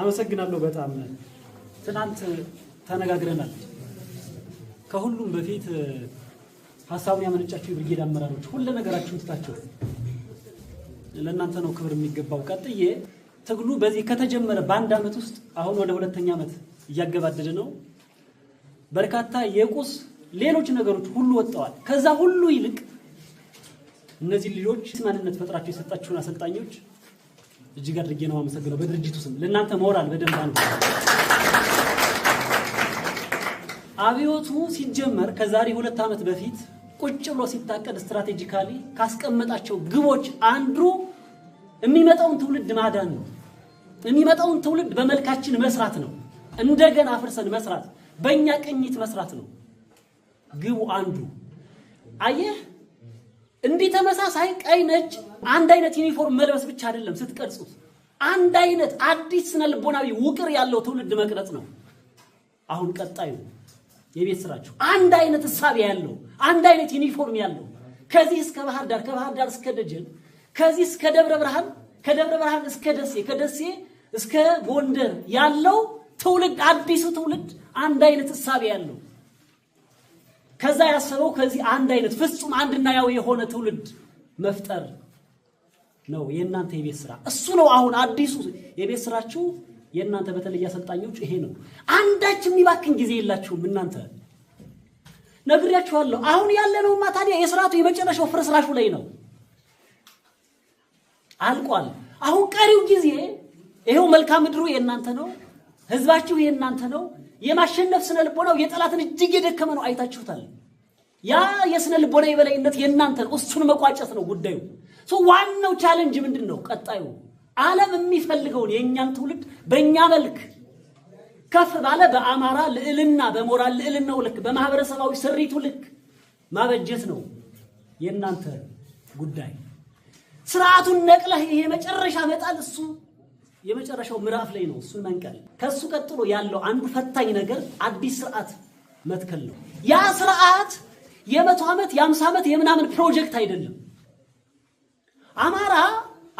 አመሰግናለሁ። በጣም ትናንት ተነጋግረናል። ከሁሉም በፊት ሀሳቡን ያመነጫቸው የብርጌድ አመራሮች ሁለ ነገራችሁን ትታቸው ለእናንተ ነው ክብር የሚገባው። ቀጥዬ ትግሉ በዚህ ከተጀመረ በአንድ ዓመት ውስጥ አሁን ወደ ሁለተኛ ዓመት እያገባደደ ነው። በርካታ የቁስ ሌሎች ነገሮች ሁሉ ወጥተዋል። ከዛ ሁሉ ይልቅ እነዚህ ልጆች ማንነት ፈጥራቸው የሰጣችሁን አሰልጣኞች እጅግ አድርጌ ነው አመሰግነው በድርጅቱ ስም ለእናንተ ሞራል በደንብ አንዱ አብዮቱ ሲጀመር ከዛሬ ሁለት ዓመት በፊት ቁጭ ብሎ ሲታቀድ ስትራቴጂካሊ ካስቀመጣቸው ግቦች አንዱ የሚመጣውን ትውልድ ማዳን ነው። የሚመጣውን ትውልድ በመልካችን መስራት ነው። እንደገና አፍርሰን መስራት፣ በእኛ ቅኝት መስራት ነው ግቡ አንዱ አየህ እንዲህ ተመሳሳይ ቀይ፣ ነጭ አንድ አይነት ዩኒፎርም መልበስ ብቻ አይደለም ስትቀርጹት፣ አንድ አይነት አዲስ ስነ ልቦናዊ ውቅር ያለው ትውልድ መቅረጽ ነው። አሁን ቀጣዩ የቤት ስራችሁ አንድ አይነት እሳቢያ ያለው አንድ አይነት ዩኒፎርም ያለው ከዚህ እስከ ባህር ዳር ከባህር ዳር እስከ ደጀን ከዚህ እስከ ደብረ ብርሃን ከደብረ ብርሃን እስከ ደሴ ከደሴ እስከ ጎንደር ያለው ትውልድ አዲሱ ትውልድ አንድ አይነት እሳቢያ ያለው ከዛ ያሰበው ከዚህ አንድ አይነት ፍጹም አንድና ያው የሆነ ትውልድ መፍጠር ነው የእናንተ የቤት ስራ። እሱ ነው አሁን አዲሱ የቤት ስራችሁ። የእናንተ በተለይ አሰልጣኞች ይሄ ነው። አንዳች የሚባክን ጊዜ የላችሁም እናንተ ነግሬያችኋለሁ። አሁን ያለነውማ ታዲያ የስርዓቱ የመጨረሻው ፍርስራሹ ላይ ነው፣ አልቋል። አሁን ቀሪው ጊዜ ይሄው መልካም ምድሩ የእናንተ ነው፣ ህዝባችሁ የእናንተ ነው፣ የማሸነፍ ስነ ልቦናው የጠላትን እጅግ የደከመ ነው። አይታችሁታል። ያ የስነ ልቦና የበላይነት የእናንተ እሱን መቋጨት ነው ጉዳዩ። ዋናው ቻለንጅ ምንድን ነው? ቀጣዩ ዓለም የሚፈልገውን የእኛን ትውልድ በእኛ መልክ ከፍ ባለ በአማራ ልዕልና፣ በሞራል ልዕልናው ልክ፣ በማህበረሰባዊ ስሪቱ ልክ ማበጀት ነው የእናንተ ጉዳይ። ስርዓቱን ነቅለህ ይሄ መጨረሻ መጣል እሱ የመጨረሻው ምዕራፍ ላይ ነው እሱን መንቀል። ከሱ ቀጥሎ ያለው አንዱ ፈታኝ ነገር አዲስ ስርዓት መትከል ነው። ያ ስርዓት የመቶ ዓመት የአምሳ ዓመት የምናምን ፕሮጀክት አይደለም። አማራ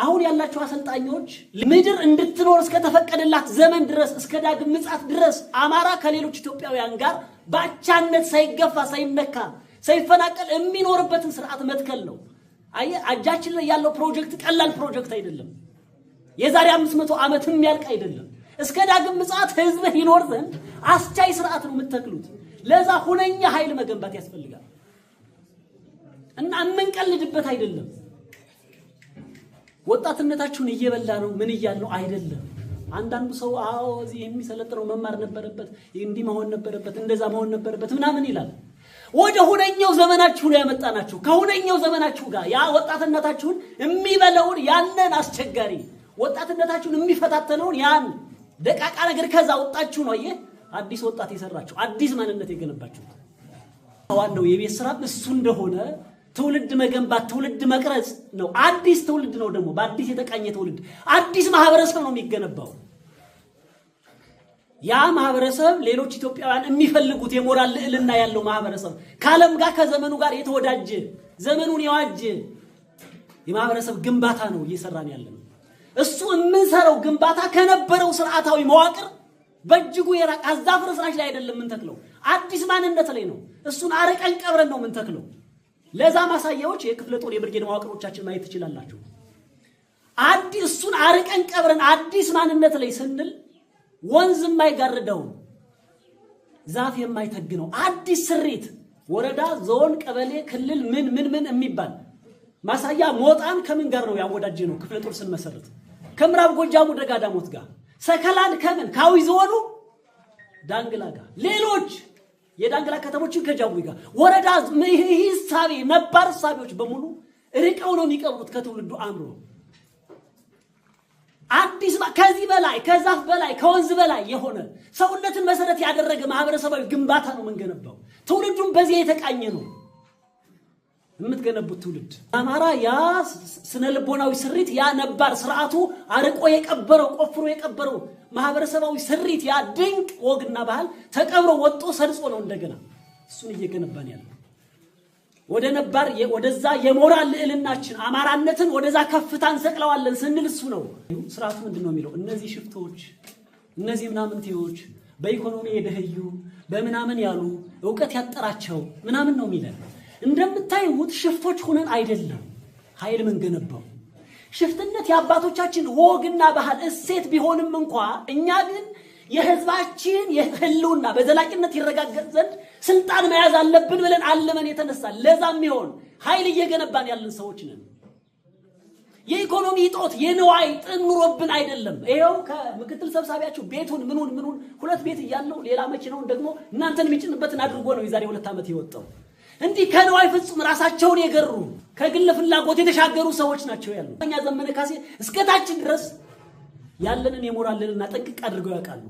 አሁን ያላቸው አሰልጣኞች ምድር እንድትኖር እስከተፈቀደላት ዘመን ድረስ እስከ ዳግም ምጽአት ድረስ አማራ ከሌሎች ኢትዮጵያውያን ጋር በአቻነት ሳይገፋ ሳይነካ ሳይፈናቀል የሚኖርበትን ስርዓት መትከል ነው። አጃችን እጃችን ላይ ያለው ፕሮጀክት ቀላል ፕሮጀክት አይደለም። የዛሬ አምስት መቶ ዓመት የሚያልቅ አይደለም። እስከ ዳግም ምጽአት ህዝብህ ይኖር ዘንድ አስቻይ ስርዓት ነው የምትተክሉት። ለዛ ሁነኛ ኃይል መገንባት ያስፈልጋል እና የምንቀልድበት አይደለም። ወጣትነታችሁን እየበላ ነው ምን እያለው አይደለም። አንዳንዱ ሰው አዎ እዚህ የሚሰለጥነው መማር ነበረበት፣ እንዲህ መሆን ነበረበት፣ እንደዛ መሆን ነበረበት ምናምን ይላል። ወደ ሁነኛው ዘመናችሁ ላይ ያመጣናችሁ ከሁነኛው ዘመናችሁ ጋር ያ ወጣትነታችሁን የሚበለውን ያንን አስቸጋሪ ወጣትነታችሁን የሚፈታተነውን ያን ደቃቃ ነገር ከዛ ወጣችሁ ነው። አየህ አዲስ ወጣት የሰራችሁ አዲስ ማንነት የገነባችሁ ዋናው የቤት ስራ እሱ እንደሆነ ትውልድ መገንባት ትውልድ መቅረጽ ነው። አዲስ ትውልድ ነው ደግሞ በአዲስ የተቃኘ ትውልድ አዲስ ማህበረሰብ ነው የሚገነባው። ያ ማህበረሰብ ሌሎች ኢትዮጵያውያን የሚፈልጉት የሞራል ልዕልና ያለው ማህበረሰብ ከዓለም ጋር ከዘመኑ ጋር የተወዳጀ ዘመኑን የዋጀ የማህበረሰብ ግንባታ ነው እየሰራን ያለነው። እሱ የምንሰራው ግንባታ ከነበረው ስርዓታዊ መዋቅር በእጅጉ የራቀ አዛፍ ፍርስራሽ ላይ አይደለም የምንተክለው፣ አዲስ ማንነት ላይ ነው። እሱን አርቀን ቀብረን ነው የምንተክለው። ለዛ ማሳያዎች የክፍለ ጦር የብርጌድ መዋቅሮቻችን ማየት ትችላላችሁ። አዲስ እሱን አርቀን ቀብረን አዲስ ማንነት ላይ ስንል ወንዝ የማይጋርደው ዛፍ የማይተግ ነው። አዲስ ስሪት ወረዳ፣ ዞን፣ ቀበሌ፣ ክልል ምን ምን ምን የሚባል ማሳያ ሞጣን ከምን ጋር ነው ያወዳጀ ነው ክፍለ ጦር ስንመሰርት ከምዕራብ ጎጃሙ ደጋ ዳሞት ጋር ሰከላን ከምን ካዊ ዞኑ ዳንግላ ጋር ሌሎች የዳንግላ ከተሞችን ከጃዊ ጋር ወረዳ ይህ ሳቤ ነባር ሳቢዎች በሙሉ ርቀው ነው የሚቀብሩት ከትውልዱ አምሮ አዲስ ከዚህ በላይ ከዛፍ በላይ ከወንዝ በላይ የሆነ ሰውነትን መሰረት ያደረገ ማህበረሰባዊ ግንባታ ነው የምንገነባው። ትውልዱን በዚያ የተቃኘ ነው። የምትገነቡት ትውልድ አማራ ያ ስነ ልቦናዊ ስሪት ያ ነባር ስርዓቱ አርቆ የቀበረው ቆፍሮ የቀበረው ማህበረሰባዊ ስሪት ያ ድንቅ ወግና ባህል ተቀብሮ ወጦ ሰርጾ ነው እንደገና እሱን እየገነባን ያለ ወደ ነባር ወደዛ የሞራል ልዕልናችን አማራነትን ወደዛ ከፍታ እንሰቅለዋለን ስንል እሱ ነው ስርዓቱ ምንድን ነው የሚለው እነዚህ ሽፍቶች እነዚህ ምናምንቴዎች በኢኮኖሚ የደህዩ በምናምን ያሉ እውቀት ያጠራቸው ምናምን ነው የሚለን እንደምታዩት ሽፍቶች ሆነን አይደለም ኃይል ምን ገነባው። ሽፍትነት የአባቶቻችን ወግና ባህል እሴት ቢሆንም እንኳ እኛ ግን የህዝባችን የህልውና በዘላቂነት ይረጋገጥ ዘንድ ስልጣን መያዝ አለብን ብለን አለመን የተነሳ ለዛም ይሆን ኃይል እየገነባን ያለን ሰዎች ነን። የኢኮኖሚ ጦት የንዋይ ጥኑሮብን አይደለም። ይኸው ከምክትል ሰብሳቢያችሁ ቤቱን ምኑን ምኑን ሁለት ቤት እያለው ሌላ መኪናውን ደግሞ እናንተን የሚጭንበትን አድርጎ ነው የዛሬ ሁለት ዓመት የወጣው። እንዲህ ከነዋይ ፍጹም ራሳቸውን የገሩ ከግል ፍላጎት የተሻገሩ ሰዎች ናቸው ያሉ። እኛ ዘመነ ካሴ እስከታችን ድረስ ያለንን የሞራል ልዕልና ጠንቅቅ አድርገው ያውቃሉ።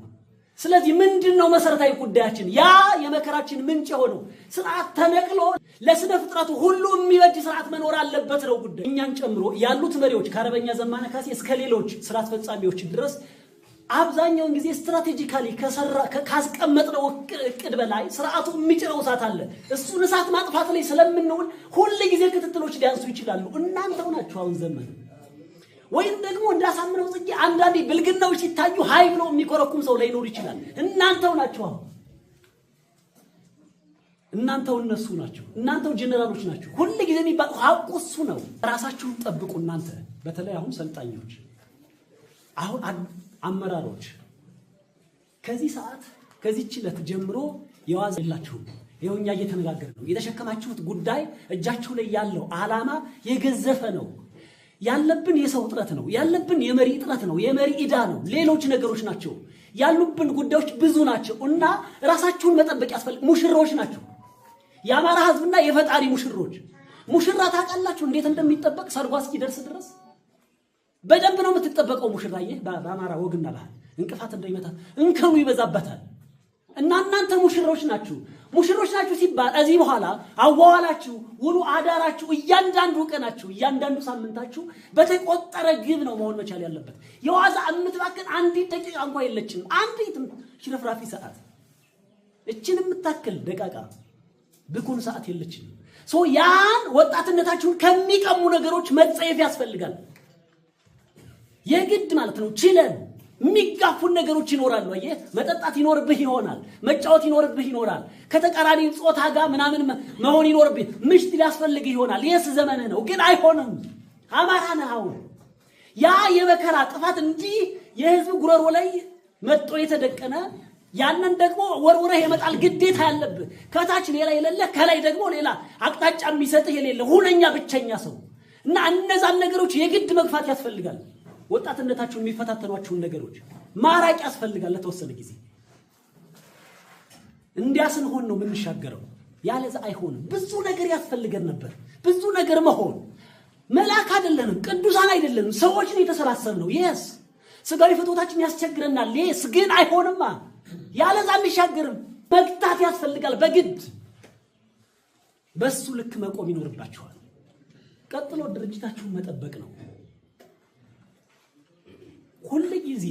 ስለዚህ ምንድን ነው መሰረታዊ ጉዳያችን? ያ የመከራችን ምንጭ የሆነው ስርዓት ተነቅሎ ለስነ ፍጥረቱ ሁሉ የሚበጅ ስርዓት መኖር አለበት ነው ጉዳይ። እኛን ጨምሮ ያሉት መሪዎች ከአርበኛ ዘመነ ካሴ እስከ ሌሎች ስራ አስፈጻሚዎች ድረስ አብዛኛውን ጊዜ ስትራቴጂካሊ ካስቀመጥነው እቅድ በላይ ስርዓቱ የሚጭረው እሳት አለ። እሱን እሳት ማጥፋት ላይ ስለምንውል ሁል ጊዜ ክትትሎች ሊያንሱ ይችላሉ። እናንተው ናችሁ አሁን ዘመን ወይም ደግሞ እንዳሳምነው ጽጌ አንዳንዴ ብልግናዎች ሲታዩ ሀይ ብሎ የሚኮረኩም ሰው ላይኖር ይችላል። እናንተው ናችሁ አሁን እናንተው እነሱ ናቸው። እናንተው ጀነራሎች ናቸው። ሁል ጊዜ የሚባሉ ሀቁ እሱ ነው። ራሳችሁን ጠብቁ። እናንተ በተለይ አሁን ሰልጣኞች አሁን አመራሮች ከዚህ ሰዓት ከዚች ዕለት ጀምሮ የዋዛ የላችሁም። ይኸው እኛ እየተነጋገር ነው። የተሸከማችሁት ጉዳይ እጃችሁ ላይ ያለው ዓላማ የገዘፈ ነው። ያለብን የሰው እጥረት ነው። ያለብን የመሪ እጥረት ነው። የመሪ ዕዳ ነው። ሌሎች ነገሮች ናቸው። ያሉብን ጉዳዮች ብዙ ናቸው እና ራሳችሁን መጠበቅ ያስፈልግ። ሙሽሮች ናቸው። የአማራ ሕዝብና የፈጣሪ ሙሽሮች። ሙሽራ ታውቃላችሁ እንዴት እንደሚጠበቅ ሰርጓ እስኪደርስ ድረስ በደንብ ነው የምትጠበቀው ሙሽራዬ። በአማራ ወግና ባህል እንቅፋት እንዳይመታት እንከኑ ይበዛበታል። እና እናንተ ሙሽሮች ናችሁ። ሙሽሮች ናችሁ ሲባል እዚህ በኋላ አዋዋላችሁ፣ ውሉ አዳራችሁ፣ እያንዳንዱ ቀናችሁ፣ እያንዳንዱ ሳምንታችሁ በተቆጠረ ግብ ነው መሆን መቻል ያለበት። የዋዛ የምትባክን አንዲት ደቂቃ እንኳ የለችንም። አንዲት ሽረፍራፊ ሰዓት እችን የምታክል ደቃቃ ብኩን ሰዓት የለችንም። ያን ወጣትነታችሁን ከሚቀሙ ነገሮች መጸየፍ ያስፈልጋል። የግድ ማለት ነው ችለን የሚጋፉን ነገሮች ይኖራሉ። አየህ መጠጣት ይኖርብህ ይሆናል። መጫወት ይኖርብህ ይኖራል። ከተቃራኒ ጾታ ጋር ምናምን መሆን ይኖርብህ፣ ምሽት ሊያስፈልግህ ይሆናል። የስ ዘመንህ ነው፣ ግን አይሆንም። አማራ ነህ። አሁን ያ የመከራ ጥፋት እንዲህ የህዝብ ጉረሮ ላይ መጦ የተደቀነ ያንን ደግሞ ወርውረህ የመጣል ግዴታ ያለብህ ከታች ሌላ የሌለ ከላይ ደግሞ ሌላ አቅጣጫ የሚሰጥህ የሌለ ሁነኛ ብቸኛ ሰው እና እነዛን ነገሮች የግድ መግፋት ያስፈልጋል። ወጣትነታችሁ የሚፈታተኗችሁን ነገሮች ማራቅ ያስፈልጋል። ለተወሰነ ጊዜ እንዲያ ስንሆን ነው የምንሻገረው። ያለዛ አይሆንም። ብዙ ነገር ያስፈልገን ነበር። ብዙ ነገር መሆን መልአክ አይደለንም፣ ቅዱሳን አይደለንም፣ ሰዎችን የተሰላሰብ ነው። የስ ስጋዊ ፍትወታችን ያስቸግረናል። የስ ግን አይሆንማ። ያለዛ የሚሻገርም መግታት ያስፈልጋል በግድ በሱ ልክ መቆም ይኖርባችኋል። ቀጥሎ ድርጅታችሁን መጠበቅ ነው። ሁል ጊዜ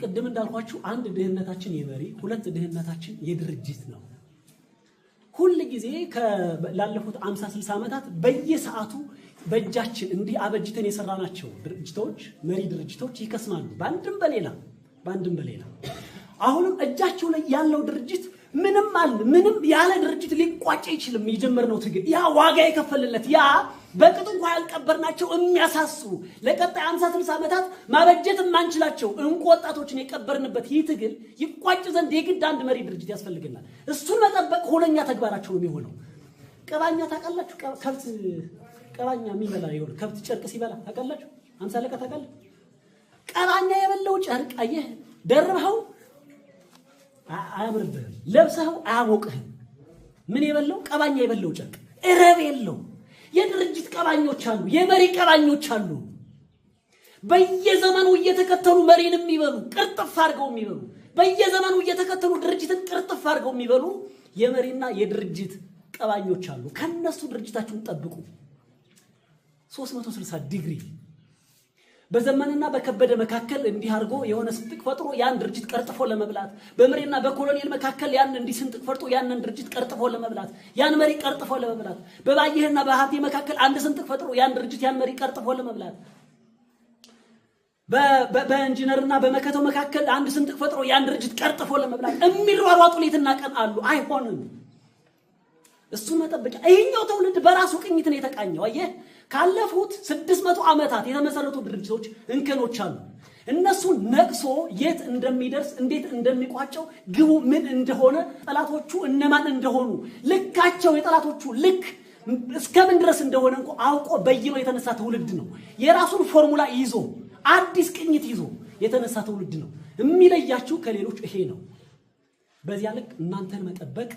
ቅድም እንዳልኳችሁ አንድ ድህነታችን የመሪ ሁለት ድህነታችን የድርጅት ነው። ሁል ጊዜ ላለፉት 50 60 ዓመታት በየሰዓቱ በእጃችን እንዲህ አበጅተን የሰራናቸው ድርጅቶች መሪ ድርጅቶች ይከስማሉ፣ በአንድም በሌላ በአንድም በሌላ። አሁንም እጃቸው ላይ ያለው ድርጅት ምንም አለ ምንም ያለ ድርጅት ሊቋጭ አይችልም። የጀመርነው ትግል ያ ዋጋ የከፈልለት ያ በቅጡ እንኳ ያልቀበርናቸው የሚያሳስቡ ለቀጣይ አምሳ ስልሳ ዓመታት ማበጀት የማንችላቸው እንቁ ወጣቶችን የቀበርንበት ይህ ትግል ይቋጭ ዘንድ የግድ አንድ መሪ ድርጅት ያስፈልገናል። እሱን መጠበቅ ሁነኛ ተግባራቸው ነው የሚሆነው። ቀባኛ ታውቃላችሁ? ከብት ቀባኛ የሚበላ የሆነ ከብት ጨርቅ ሲበላ ታውቃላችሁ? አምሳ ለቀ ታውቃለህ? ቀባኛ የበለው ጨርቅ አየህ፣ ደርበኸው አያምርብህም፣ ለብሰኸው አያሞቅህም። ምን የበለው ቀባኛ የበለው ጨርቅ እረብ የለው የድርጅት ቀራኞች አሉ፣ የመሪ ቀራኞች አሉ። በየዘመኑ እየተከተሉ መሪን የሚበሉ ቅርጥፍ አድርገው የሚበሉ በየዘመኑ እየተከተሉ ድርጅትን ቅርጥፍ አድርገው የሚበሉ የመሪና የድርጅት ቀባኞች አሉ። ከነሱ ድርጅታችሁን ጠብቁ። 360 ዲግሪ በዘመንና በከበደ መካከል እንዲህ አድርጎ የሆነ ስንጥቅ ፈጥሮ ያን ድርጅት ቀርጥፎ ለመብላት፣ በምሬና በኮሎኔል መካከል ያን እንዲህ ስንጥቅ ፈጥሮ ያንን ድርጅት ቀርጥፎ ለመብላት፣ ያን መሪ ቀርጥፎ ለመብላት፣ በባየህና በሀቴ መካከል አንድ ስንጥቅ ፈጥሮ ያን ድርጅት ያን መሪ ቀርጥፎ ለመብላት፣ በኢንጂነርና በመከተው መካከል አንድ ስንጥቅ ፈጥሮ ያን ድርጅት ቀርጥፎ ለመብላት የሚሯሯጡ ሌትና ቀን አሉ። አይሆንም። እሱ መጠበቂያ። ይህኛው ትውልድ በራሱ ቅኝት ነው የተቃኘው። አየህ፣ ካለፉት ስድስት መቶ ዓመታት የተመሰረቱ ድርጅቶች እንከኖች አሉ። እነሱን ነቅሶ የት እንደሚደርስ እንዴት እንደሚቋጨው ግቡ ምን እንደሆነ ጠላቶቹ እነማን እንደሆኑ ልካቸው የጠላቶቹ ልክ እስከምን ድረስ እንደሆነ እንኳ አውቆ በይኖ የተነሳ ትውልድ ነው። የራሱን ፎርሙላ ይዞ አዲስ ቅኝት ይዞ የተነሳ ትውልድ ነው። የሚለያችሁ ከሌሎች ይሄ ነው። በዚያ ልክ እናንተን መጠበቅ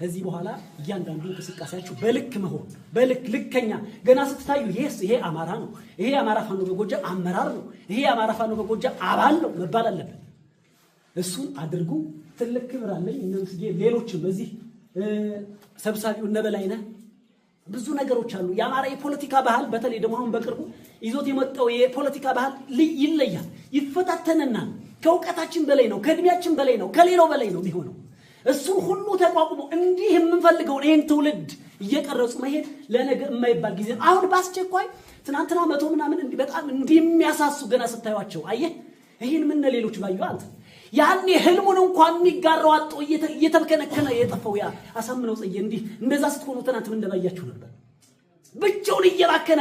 ከዚህ በኋላ እያንዳንዱ እንቅስቃሴያችሁ በልክ መሆን በልክ ልከኛ ገና ስትታዩ ይሄስ ይሄ አማራ ነው፣ ይሄ አማራ ፋኖ በጎጃ አመራር ነው፣ ይሄ አማራ ፋኖ በጎጃ አባል ነው መባል አለበት። እሱን አድርጉ። ትልቅ ክብር አለኝ እነ ምስጌ ሌሎችም በዚህ ሰብሳቢው እነ በላይነህ ብዙ ነገሮች አሉ። የአማራ የፖለቲካ ባህል በተለይ ደግሞ አሁን በቅርቡ ይዞት የመጣው የፖለቲካ ባህል ይለያል፣ ይፈታተነናል። ከእውቀታችን በላይ ነው፣ ከእድሜያችን በላይ ነው፣ ከሌላው በላይ ነው የሚሆነው እሱን ሁሉ ተቋቁሞ እንዲህ የምንፈልገውን ይህን ትውልድ እየቀረጹ መሄድ ለነገ የማይባል ጊዜ አሁን በአስቸኳይ ትናንትና መቶ ምናምን በጣም እንዲህ የሚያሳሱ ገና ስታዩቸው፣ አየህ ይህን ምነ ሌሎች ባዩ አንተ ያኔ ህልሙን እንኳን የሚጋራው አጦ እየተብከነከነ የጠፋው ያ አሳምነው ጽዬ እንዲህ እንደዛ ስትሆኑ ትናንት ምን እንደባያችሁ ነበር። ብቻውን እየባከነ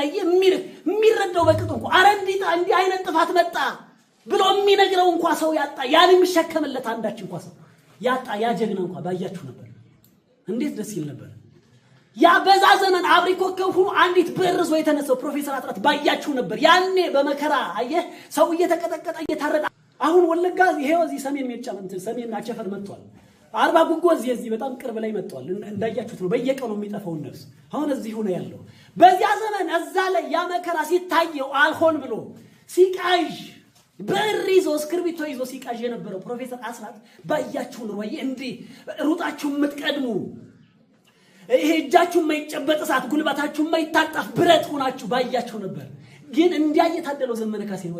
የሚረዳው በቅጡ እንኳ አረ እንዲጣ እንዲህ አይነት ጥፋት መጣ ብሎ የሚነግረው እንኳ ሰው ያጣ ያን የሚሸከምለት አንዳች እንኳ ሰው ያጣ ያ ጀግና እንኳ ባያችሁ ነበር፣ እንዴት ደስ ይል ነበር። ያ በዛ ዘመን አብሪ ኮከቡ አንዲት ብዕር ይዞ የተነሳው ፕሮፌሰር አጥራት ባያችሁ ነበር። ያኔ በመከራ አየህ፣ ሰው እየተቀጠቀጠ እየታረደ። አሁን ወለጋ ይሄው እዚህ ሰሜን ሜጫምንት ሰሜን አቸፈር መጥቷል። አርባ ጉጎ እዚህ እዚህ በጣም ቅርብ ላይ መጥቷል። እንዳያችሁት ነው በየቀኑ የሚጠፋውን ነፍስ። አሁን እዚህ ሆነ ያለው። በዚያ ዘመን እዛ ላይ ያ መከራ ሲታየው አልሆን ብሎ ሲቃዥ በር ይዞ እስክርቢቶ ይዞ ሲቃዥ የነበረው ፕሮፌሰር አስራት ባያችሁ ወይ እንዲህ ሩጣችሁ የምትቀድሙ ይሄ እጃችሁ የማይጨበጥ እሳት ጉልበታችሁ የማይታጣፍ ብረት ሆናችሁ ባያችሁ ነበር። ግን እንዲያ እየታደለው ዘመነ ካሴ ነው።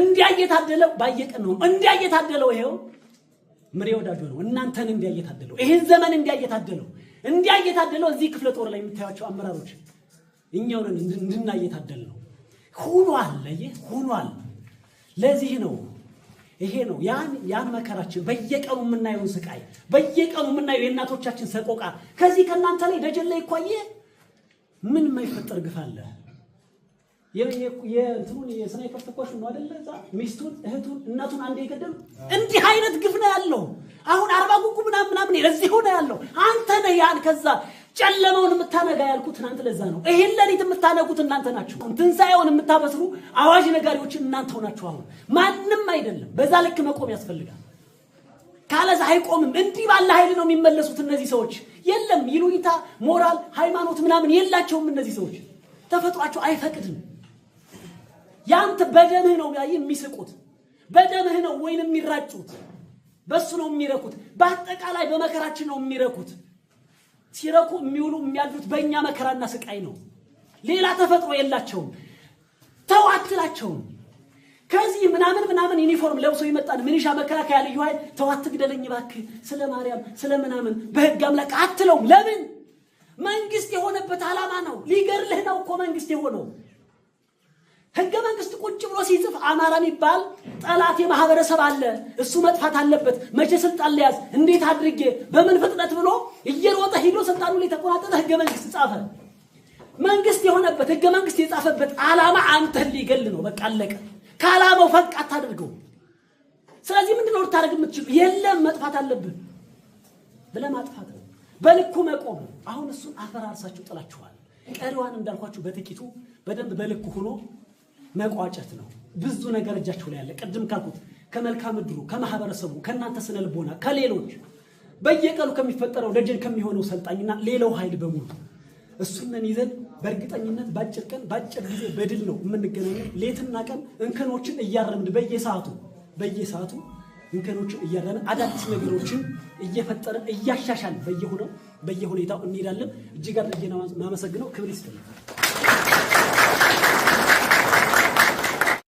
እንዲያ እየታደለው ባየቀን ነው። እንዲያ እየታደለው ይሄው ምሬ ወዳጆ ነው። እናንተን እንዲያ እየታደለው ይሄን ዘመን እንዲያ እየታደለው እንዲያ እየታደለው እዚህ ክፍለ ጦር ላይ የምታያቸው አመራሮች እኛውን እንድና ነው። ሁኗል ለየ ሁኗል ለዚህ ነው ይሄ ነው ያን ያን መከራችን በየቀኑ የምናየውን ስቃይ በየቀኑ የምናየው የእናቶቻችን ሰቆቃ ከዚህ ከእናንተ ላይ ደጀን ላይ እኳየ ምን የማይፈጠር ግፍ አለ? የእንትኑን የስናይፐር ተኳሽ ነው አይደለ? እዛ ሚስቱን፣ እህቱን፣ እናቱን አንድ የገደሉ እንዲህ አይነት ግፍ ነው ያለው። አሁን አርባ ጉጉ ምናምን ምናምን ለዚህ ሆነ ያለው አንተ ነህ ያን ከዛ ጨለመውን የምታነጋ ያልኩ ትናንት ለዛ ነው። ይሄን ሌሊት የምታነጉት እናንተ ናችሁ። ትንሣኤውን የምታበስሩ አዋጅ ነጋሪዎችን እናንተ ሆናችሁ አሁን ማንም አይደለም። በዛ ልክ መቆም ያስፈልጋል። ካለዛ አይቆምም። እንዲህ ባለ ኃይል ነው የሚመለሱት እነዚህ ሰዎች። የለም ይሉኝታ፣ ሞራል፣ ሃይማኖት ምናምን የላቸውም እነዚህ ሰዎች። ተፈጥሯቸው አይፈቅድም። ያንተ በደምህ ነው የሚስቁት፣ በደምህ ነው ወይን የሚራጩት፣ በሱ ነው የሚረኩት። በአጠቃላይ በመከራችን ነው የሚረኩት። ሲረኩ የሚውሉ የሚያድሩት በእኛ መከራና ስቃይ ነው። ሌላ ተፈጥሮ የላቸውም። ተው አትላቸውም። ከዚህ ምናምን ምናምን ዩኒፎርም ለብሶ ይመጣል ምንሻ መከላከያ፣ ልዩ ኃይል ተው አትግደለኝ እባክህ፣ ስለ ማርያም ስለ ምናምን በህግ አምላክ አትለውም። ለምን መንግስት የሆነበት ዓላማ ነው። ሊገርልህ ነው እኮ መንግስት የሆነው ህገ መንግስት ቁጭ ብሎ ሲጽፍ አማራ የሚባል ጠላት የማህበረሰብ አለ፣ እሱ መጥፋት አለበት፣ መቼ ስልጣን ለያዝ እንዴት አድርጌ በምን ፍጥነት ብሎ እየሮጠ ሂዶ ስልጣኑ ላይ ተቆናጠጠ። ህገ መንግስት ጻፈ። መንግስት የሆነበት ህገ መንግስት የጻፈበት አላማ አንተን ሊገል ነው። በቃ አለቀ። ከአላማው ፈቅ አታደርገው። ስለዚህ ምንድን ነው ልታደርግ የምትችሉ? የለም መጥፋት አለብን ብለህ ማጥፋት ነው። በልኩ መቆም። አሁን እሱን አፈራርሳችሁ ጥላችኋል። ቀሪዋን እንዳልኳችሁ በጥቂቱ በደንብ በልኩ ሆኖ መቋጨት ነው። ብዙ ነገር እጃችሁ ላይ ያለ ቅድም ካልኩት ከመልካም እድሩ፣ ከማህበረሰቡ፣ ከእናንተ ስነ ልቦና፣ ከሌሎች በየቀኑ ከሚፈጠረው ደጀን ከሚሆነው ሰልጣኝና ሌላው ኃይል በሙሉ እሱንን ይዘን በእርግጠኝነት በአጭር ቀን በአጭር ጊዜ በድል ነው የምንገናኘው። ሌትና ቀን እንከኖችን እያረምድ በየሰዓቱ በየሰዓቱ እንከኖችን እያረምን አዳዲስ ነገሮችን እየፈጠረ እያሻሻል በየሆነው በየሁኔታው እንሄዳለን። እጅግ አድርጌ ማመሰግነው። ክብር ይስፈልጋል።